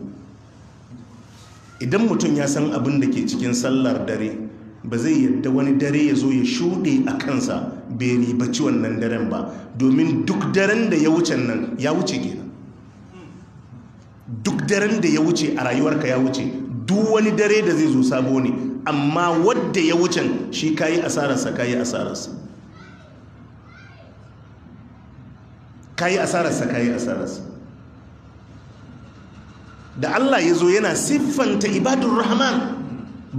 idan mutum ya san abin da ke cikin sallar dare ba zai yadda wani dare ya zo ya shuɗe a kansa bai ribaci wannan daren ba domin duk daren da ya wuce nan ya wuce gina duk daren da ya wuce a rayuwarka ya wuce duk wani dare da zai zo sabo ne amma wadda ya wuce shi kayi asararsa kayi asararsa kayi asararsa kayi asararsa da Allah ya zo yana siffanta ibadun rahman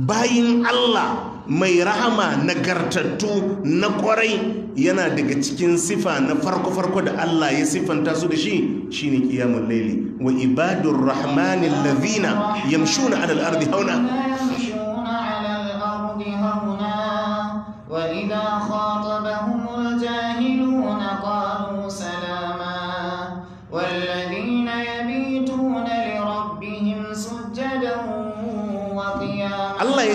bayin Allah mai rahama na nagartattu na kwarai yana daga cikin sifa na farko-farko da Allah ya siffanta su da shi Shi ne qiyamul layli wa ibadur rahmanin ladhina yamshuna 'alal ardi hauna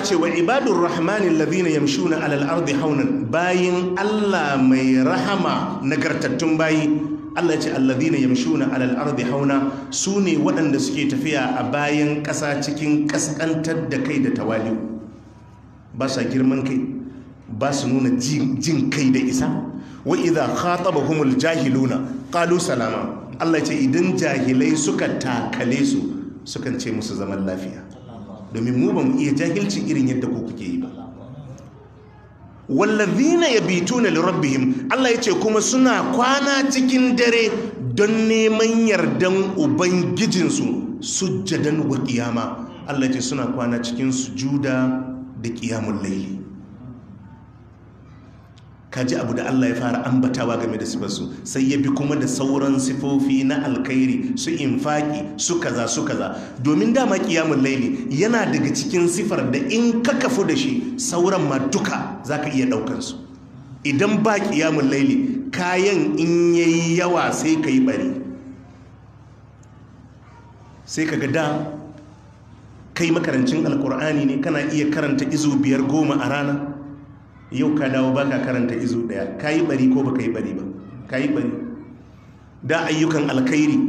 ce wa ibadur rahmanin ya yamshuna alal ardi haunan bayin Allah mai rahama nagartattun bayi Allah ya ce alladina yamshuna alal ardi hauna su ne waɗanda suke tafiya a bayan ƙasa cikin ƙasƙantar da kai da tawali ba sa girman kai ba su nuna jin kai da isa wa ba kuma jahiluna qalu salama Allah ya ce idan jahilai suka takale su sukan ce musu zaman lafiya domin mu ba mu iya jahilci irin yadda ko kuke yi ba wallazina yabituna lirabbihim Allah yace kuma suna kwana cikin dare don neman yardan ubangijinsu sujjadan wa kiyama Allah yace suna kwana cikin sujuda da ƙiyamun layli ka ji abu da Allah ya fara ambatawa game da sifarsu sai ya bi kuma da sauran sifofi na alkhairi su infaki su kaza su kaza domin dama kiyamun laili yana daga cikin sifar da in ka kafu da shi sauran ma duka za ka iya ɗaukansu idan ba kiyamun laili kayan in yi yawa sai ka yi bari sai ka ga da kai makarancin alkur'ani ne kana iya karanta izu biyar goma a rana yau ka dawo baka karanta izu daya ka yi bari ko baka yi bari ba ka yi bari da ayyukan alkhairi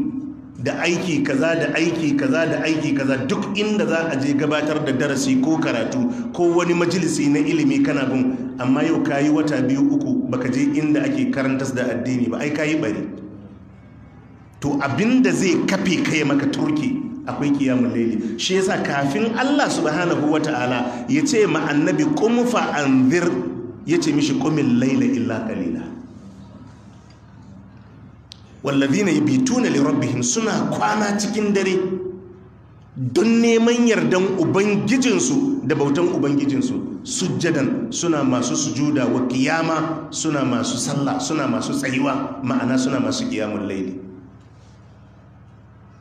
da aiki kaza da aiki kaza da aiki kaza duk inda za a je gabatar da darasi ko karatu ko wani majalisi na ilimi kana bin. amma yau ka yi wata biyu uku baka je inda ake karanta da addini ba ai ka yi bari to abinda zai kafe kai maka turki akwai kiyamun laili shi yasa kafin Allah subhanahu wata'ala ya ce ma annabi qum fa anzir ya ce mishi kumin laila illa kalila qalila na yabituna li rabbihim suna kwana cikin dare don neman yardan ubangijinsu da bautan ubangijinsu sujjadan suna masu sujuda wa kiyama suna masu sallah suna masu tsayuwa ma'ana suna masu kiyamun laili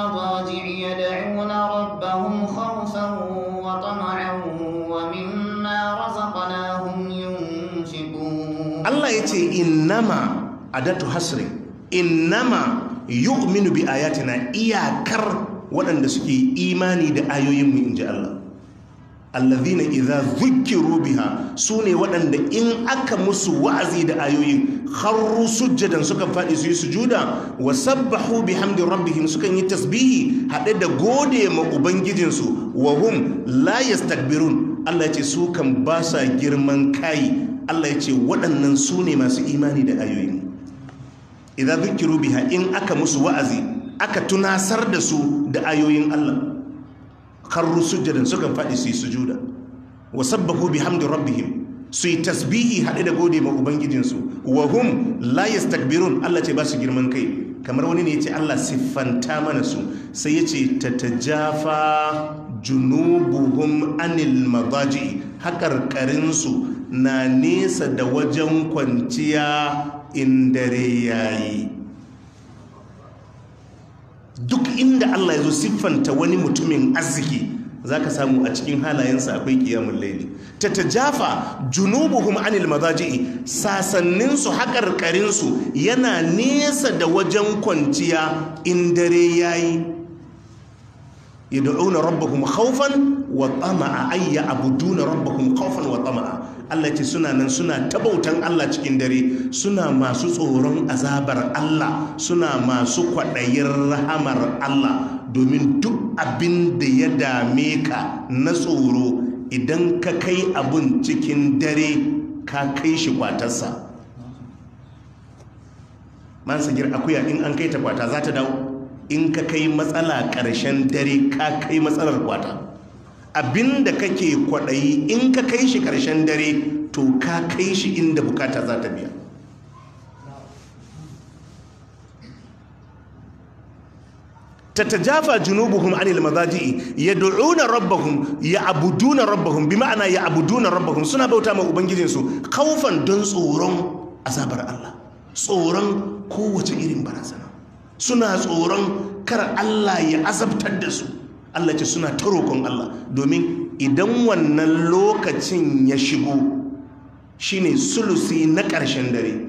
المضاجع يدعون ربهم خوفا وطمعا ومما رزقناهم ينفقون الله يتي إنما أداة حصر إنما يؤمن بآياتنا إياكر waɗanda suke إيماني da ayoyinmu in ji الله allazina idza zukkiru biha sune waɗanda in aka musu wa'azi da ayoyin kharru sujjadan suka faɗi su yi sujuda wa sabbahu bihamdi rabbihim sukan yi tasbihi haɗe da gode ma ubangijinsu wa hum la yastakbirun Allah ce su kan ba sa girman kai Allah yace ce waɗannan su ne masu imani da ayoyin idza zukkiru biha in aka musu wa'azi aka tunasar da su da ayoyin Allah kharru sujjadan sukan faɗi su yi sujuda wa sabbahu bihamdi rabbihim su yi tasbihi haɗe da gode ma ubangijinsu wa hum la yastakbirun Allah ce ba su girman kai kamar wani ne ya ce Allah siffanta mana su sai ya ce tatajafa junubuhum anil madaji haƙarƙarinsu na nesa da wajen kwanciya in dare yayi duk inda Allah ya zo siffanta wani mutumin arziki zaka samu a cikin halayensa akwai kiyamun laili ta jafa junubuhum anil mazaji'i sasannin su haƙarƙarin yana nesa da wajen kwanciya in dare ya yi. yayi yad'una rabbahum khawfan wa tsama'a ayya abuduna rabbahum khawfan wa tsama'a Allah ce suna nan suna tabautan Allah cikin dare suna masu tsoron azabar Allah suna masu kwaɗayin rahamar Allah domin duk abin da ya dame ka na tsoro idan ka kai abin cikin dare ka kai shi kwatarsa man sagir akuya in an kai ta kwata za ta dawo in ka kai matsala ƙarshen dare ka kai matsalar kwata abinda kake kwaɗayi in ka kai shi ƙarshen dare to ka kai shi inda bukata za ta biya ta ta jafa junubuhun anil mazaji'i ya du'una hun, ya abuduna hun, bi ma'ana ya abuduna hun, suna bauta ma ubangijinsu kaufan don tsoron azabar Allah tsoron kowace irin barazana suna tsoron kar Allah ya azabtar da su Allah ce suna ta roƙon Allah domin idan wannan lokacin ya shigo shine sulusi na ƙarshen dare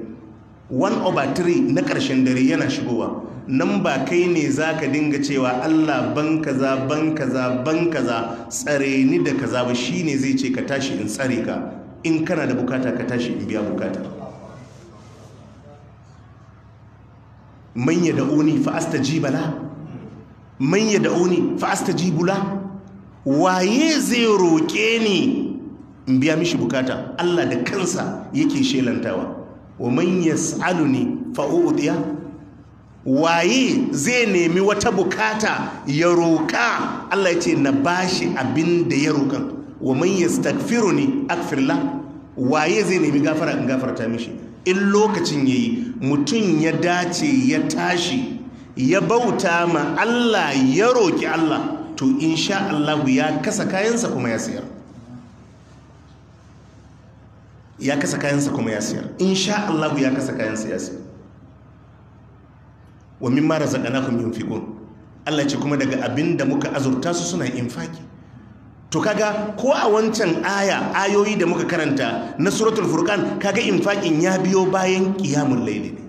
one over three na ƙarshen dare yana shigowa nan ba kai ne za ka dinga cewa Allah ban kaza ban kaza ban kaza tsare ni da kaza ba shine zai ce ka tashi in tsare ka in kana da bukata ka tashi in biya bukata manya da uni fa Bala. man ya da'uni fa astajibu waye zai roƙe ni in biya mishi bukata Allah da kansa yake shelantawa wa man yas'aluni fa fa'o'udiya waye zai nemi wata bukata ya roka? Allah ya ce na bashi abin da ya roka. wa man ne akfirla waye zai nemi gafara in gafarta mishi in lokacin ya yi, mutum ya dace ya tashi ya bauta ma Allah ya roƙi Allah to insha Allah ya kasa kayansa kuma ya siyar ya kasa kayansa kuma ya siyar insha Allah ya kasa kayansa ya siyar wa mimma razaqnakum yunfiqun Allah ce kuma daga abin da muka azurta su suna infaki to kaga ko a wancan aya ayoyi da muka karanta na suratul furqan kaga infakin ya biyo bayan qiyamul layl ne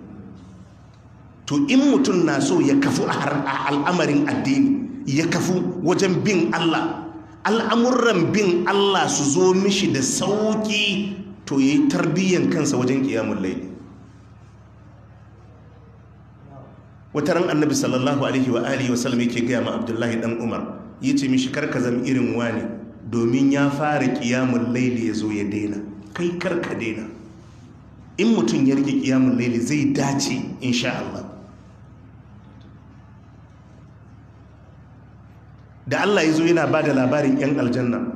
to in mutum na so ya kafu a al'amarin addini ya kafu wajen bin Allah al'amuran bin Allah su zo mishi da sauƙi to ya yi tarbiyyan kansa wajen ƙiyamun laili wata ran annabi sallallahu alaihi wa alihi wa sallam yake gaya ma abdullahi dan umar ya ce mishi karka zama irin wani domin ya fara ƙiyamun laili ya zo ya daina kai karka daina in mutum ya rike ƙiyamun laili zai dace insha Allah da Allah ya zo yana ba da labarin 'yan aljanna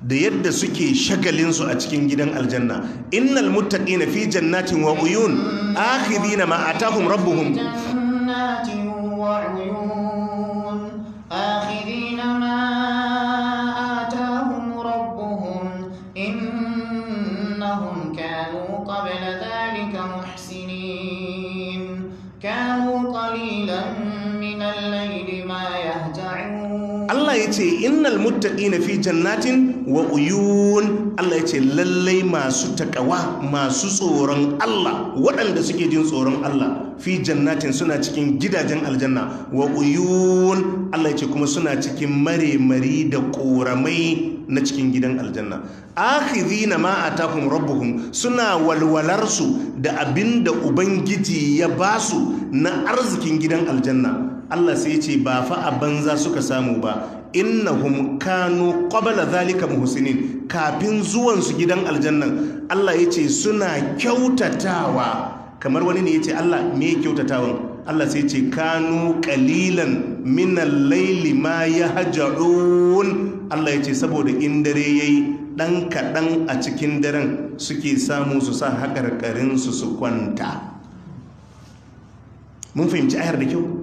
da yadda suke shagalinsu a cikin gidan aljanna innal na fi jannatin wa uyun akhidhina ma atahum rabbuhum jannatin wa ce innal muttaqina fi jannatin wa uyun Allah ya ce lallai masu takawa masu tsoron Allah waɗanda suke jin tsoron Allah fi jannatin suna cikin gidajen aljanna wa uyun Allah ya ce kuma suna cikin maremari da ƙoramai na cikin gidan aljanna na ma atahum rabbuhum suna walwalarsu da abinda ubangiji ya basu na arzikin gidan aljanna Allah sai ce ba fa a banza suka samu ba Inna innahum kanu qabla zalika muhsinin kafin zuwan su gidan aljannan Allah yace suna kyautatawa kamar wani ne yace Allah me kyautatawan Allah sai ce kanu qalilan min al-layli ma yahja'un Allah yace saboda in dare yayi dan kadan a cikin daren suke samu su sa hakarkarin su su kwanta mun fahimci ayar da kyau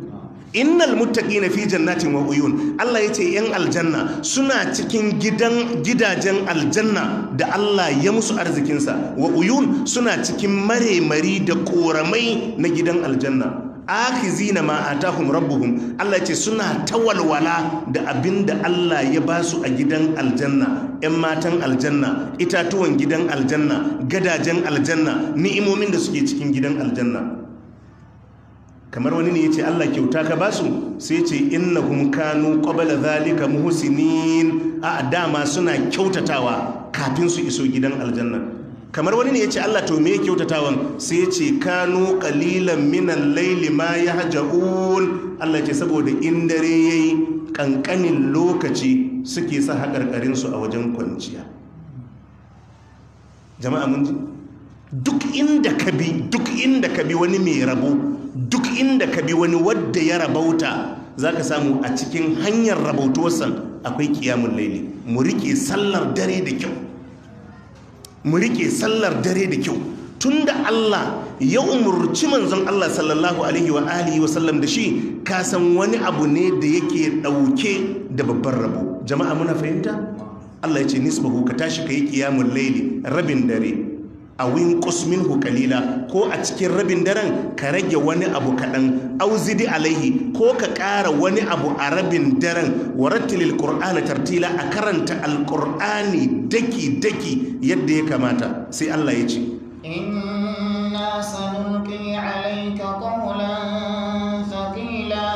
innal muttaqina fi jannatin wa uyun Allah yace yan aljanna suna cikin gidan gidajen aljanna da Allah ya musu arzikinsa wa uyun suna cikin maremari da koramai na gidan aljanna akhizina ma atahum rabbuhum Allah ce suna tawalwala da abinda Allah ya basu a gidan aljanna 'yan matan aljanna itatuwan gidan aljanna gadajen aljanna ni'imomin da suke cikin gidan aljanna kamar wani ne ya ce Allah kyauta ka basu sai ce innahum kanu ƙwabala zalika muhusinin a dama suna kyautatawa kafin su iso gidan aljanna kamar wani ne ya ce Allah to me kyautatawan sai ce kanu ƙalilan minan laili ma yahjaun Allah ce saboda in dare yi kankanin lokaci suke sa haƙarƙarinsu su a wajen kwanciya jama'a mun ji duk inda ka bi duk inda ka bi wani mai rabo duk inda ka bi wani wadda ya rabauta za ka samu a cikin hanyar rabautuwarsa akwai kiyamun laili mu rike sallar dare da kyau mu rike sallar dare da kyau tunda Allah ya umurci manzon Allah sallallahu alaihi wa alihi wa sallam da shi ka san wani abu ne da yake dauke da babban rabo jama'a muna fahimta Allah ya ce nisbahu ka tashi ka yi kiyamul laili rabin dare a winkus kusmin hukalila ko a cikin rabin daren ka rage wani abu kaɗan auzidi alaihi ko ka ƙara wani abu a rabin daren warattilil qur'ana tartila a karanta alqur'ani daki daki yadda ya kamata sai Allah ya ce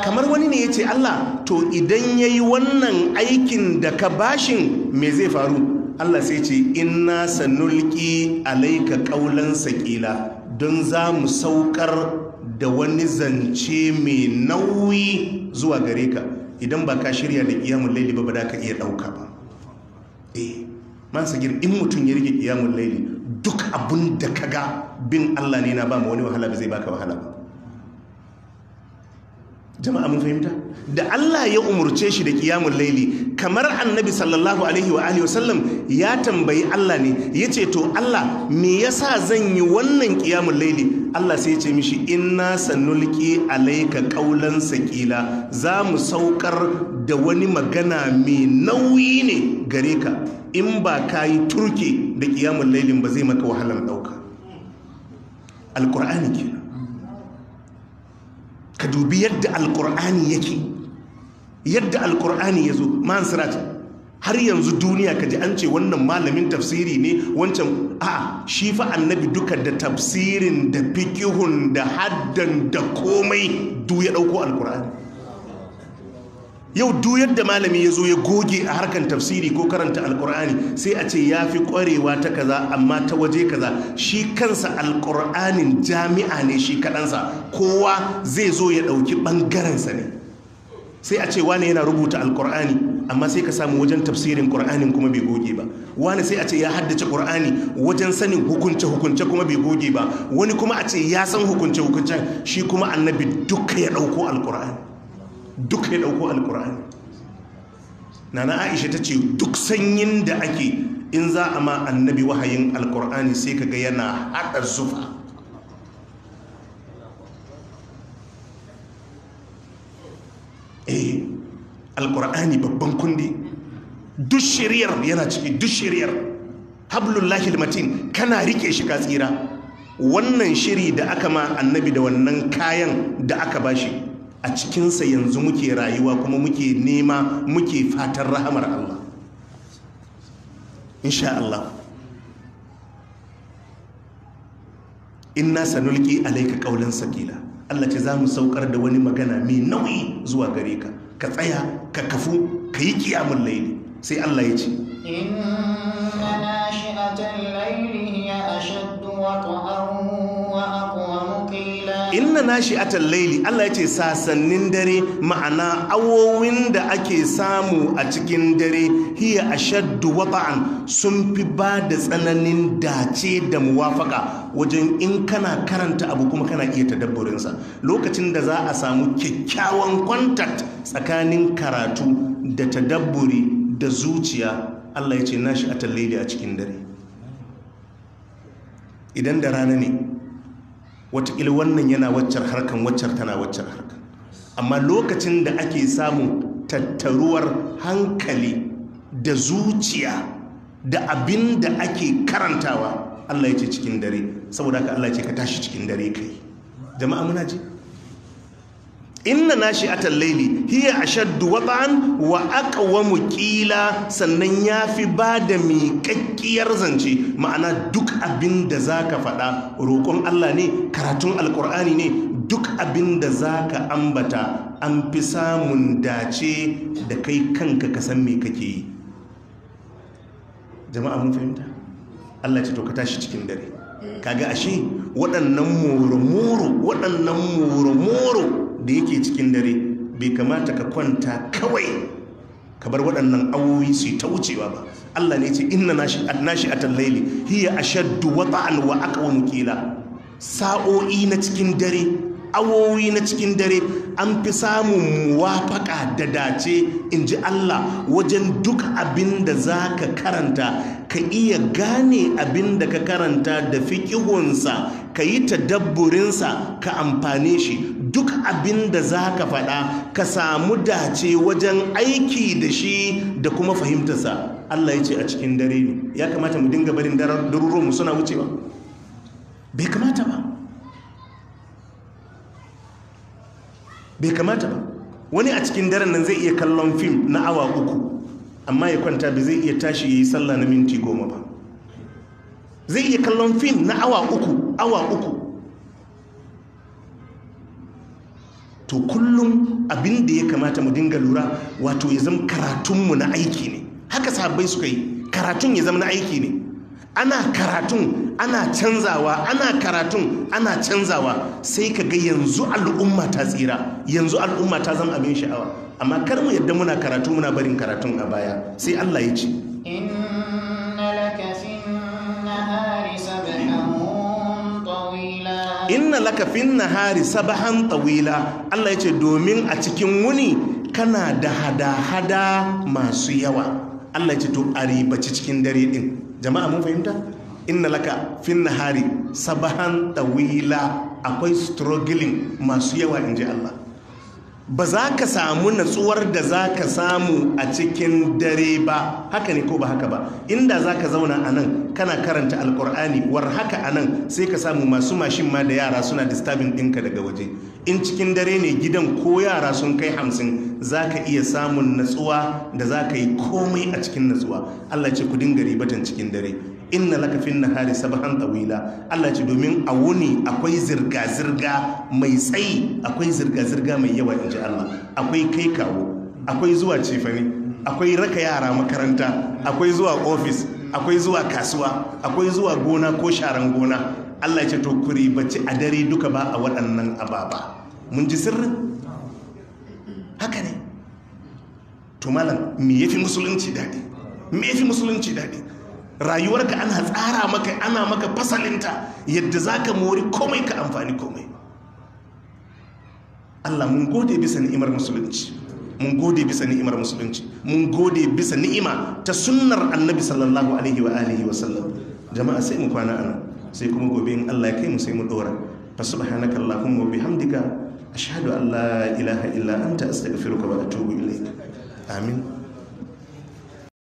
kamar wani ne ya ce Allah to idan ya yi wannan aikin da ka bashin me zai faru Allah sai ce inna sanulki alaika ƙaulan saƙila don za mu saukar da wani zance mai nauyi zuwa gare ka idan ba ka shirya da ƙiyamun laili ba ba da ka iya ɗauka ba eh man sagir in mutum ya rike ƙiyamun laili duk abin da ka ga bin Allah ne na ba ma wani wahala ba zai baka wahala ba jama'a mun fahimta da Allah ya umurce shi da kiyamun laili kamar annabi sallallahu alaihi wa alihi wasallam ya tambayi Allah ne yace to Allah me yasa zan yi wannan kiyamun laili Allah sai ya ce mishi inna sanulqi alaika qaulan saqila za mu saukar da wani magana mai nauyi ne gare ka in ba ka yi turke da kiyamun lailin ba zai maka wahalar dauka alqur'ani kenan ka dubi yadda alkur'ani yake yadda alkur'ani ya zo man sirat har yanzu duniya ka ji an ce wannan malamin tafsiri ne wancan a shi fa annabi duka da tafsirin da fikihun da haddan da komai du ya ɗauko alkur'ani yau duk yadda malami ya zo ya goge a harkar tafsiri ko karanta alkur'ani sai a ce ya fi kwarewa ta kaza amma ta waje kaza shi kansa alkur'anin jami'a ne shi kaɗansa kowa zai zo ya ɗauki ɓangarensa ne sai a ce wane yana rubuta alkur'ani amma sai ka samu wajen tafsirin kur'anin kuma bai goge ba wani sai a ce ya haddace kur'ani wajen sanin hukunce hukunce kuma bai goge ba wani kuma a ce ya san hukunce hukuncen shi kuma annabi duka ya ɗauko alkur'ani duk ya dauko alkur'ani nana aisha ta ce duk sanyin da ake in za a ma annabi wahayin alkur'ani sai kaga yana haɗa zufa eh alkur'ani babban kundi duk shiriyar yana ciki duk shiriyar hablullahi matin kana rike shi ka tsira wannan shiri da aka ma annabi da wannan kayan da aka bashi a cikinsa yanzu muke rayuwa kuma muke nema muke fatan rahamar Allah insha Allah inna sanulki alaika kaulan sakila Allah ce za mu saukar da wani magana mai nauyi zuwa gare ka ka tsaya ka kafu ka yi kiyamun laili sai Allah ya ce inna inna nashi atal laili Allah yace sasannin dare ma'ana awowin da ake samu a cikin dare hiya ashaddu wata'an sun fi ba da tsananin dace da muwafaka wajen in kana karanta abu kuma kana iya tadabburinsa lokacin da za a samu kyakkyawan contact tsakanin karatu da tadabburi da zuciya Allah yace nashi atal laili a cikin dare idan da rana ne watakila wannan yana waccar harkan waccar tana waccar harkan amma lokacin da ake samun tattaruwar hankali da zuciya da abin da ake karantawa Allah ya ce cikin dare saboda haka Allah ya ce ka tashi cikin dare kai jama'a muna ji inna a tallaili, hiya ashaddu wata'an wa mu kila, sannan ya fi ba da miƙaƙƙiyar zance ma'ana duk abin da ka faɗa roƙon Allah ne karatun alƙur'ani ne duk abin da ka ambata an fi samun dace da kai kanka ka san me kake yi jama'a mun fahimta Allah ce to ka tashi cikin dare kaga ashe waɗannan moro-moro waɗannan moro-moro da yake cikin dare bai kamata ka kwanta kawai ka bar waɗannan awoyi su ta wucewa ba Allah ne ce inna nashi a tallaili hiya ashaddu wata'an wa aqwamu sa'o'i na cikin dare awowi na cikin dare an fi samun muwafaka da dace in ji Allah wajen duk abin da za ka karanta ka iya gane abin da ka karanta da fikihunsa ka yi tadabburinsa ka amfane shi duk abin da za ka faɗa ka samu dace wajen aiki da shi da kuma fahimtarsa Allah ya ce a cikin dare ne ya kamata mu dinga barin mu suna wucewa bai kamata ba bai kamata ba wani a cikin daren nan zai iya kallon fim na awa uku amma ya kwanta bai zai iya tashi ya yi sallah na minti goma ba zai iya kallon fim na awa uku awa uku to kullum abin da ya kamata mu dinga lura wato ya zama karatunmu na aiki ne haka sahabbai suka yi karatun ya zama na aiki ne ana karatun ana canzawa ana karatun ana canzawa sai ka ga yanzu al'umma ta tsira yanzu al'umma ta zama abin sha'awa amma kar mu yadda muna karatu muna barin karatun a baya sai Allah ya ce inna laka fin hari sabahan tawila Allah ya ce domin a cikin wuni kana da hada-hada masu yawa Allah ya ce to a ribaci cikin dare din jama'a mun fahimta inna laka fin nahari sabahan tawila akwai struggling masu yawa in ji Allah ba za ka samu natsuwar da za ka samu a cikin dare ba haka ne ko ba haka ba inda za ka zauna a nan kana karanta alkur'ani war haka a nan sai ka samu masu mashin ma da yara suna disturbing ɗinka daga waje in cikin dare ne gidan ko yara sun kai hamsin za ka iya samun natsuwa da za ka yi komai a cikin natsuwa allah ce ku dinga ribatan cikin dare inna laka fin nahari sabahan tawila Allah ce domin a wuni akwai zirga zirga mai tsayi akwai zirga zirga mai yawa inji Allah akwai kai kawo akwai zuwa cefane akwai raka yara makaranta akwai zuwa ofis akwai zuwa kasuwa akwai zuwa gona ko sharan gona Allah ce to kuri bacci a dare duka ba a waɗannan ababa mun ji sirrin haka ne to malam me yafi musulunci daɗi me yafi musulunci daɗi rayuwarka ana tsara maka ana maka fasalinta yadda za ka mori komai ka amfani komai Allah mun gode bisa ni'imar musulunci mun gode bisa ni'imar musulunci mun gode bisa ni'ima ta sunnar annabi sallallahu alaihi wa alihi wa sallam jama'a sai mu kwana ana sai kuma gobe in Allah ya kai mu sai mu dora fa subhanaka allahumma wa bihamdika ashhadu an la ilaha illa anta astaghfiruka wa atubu ilayk amin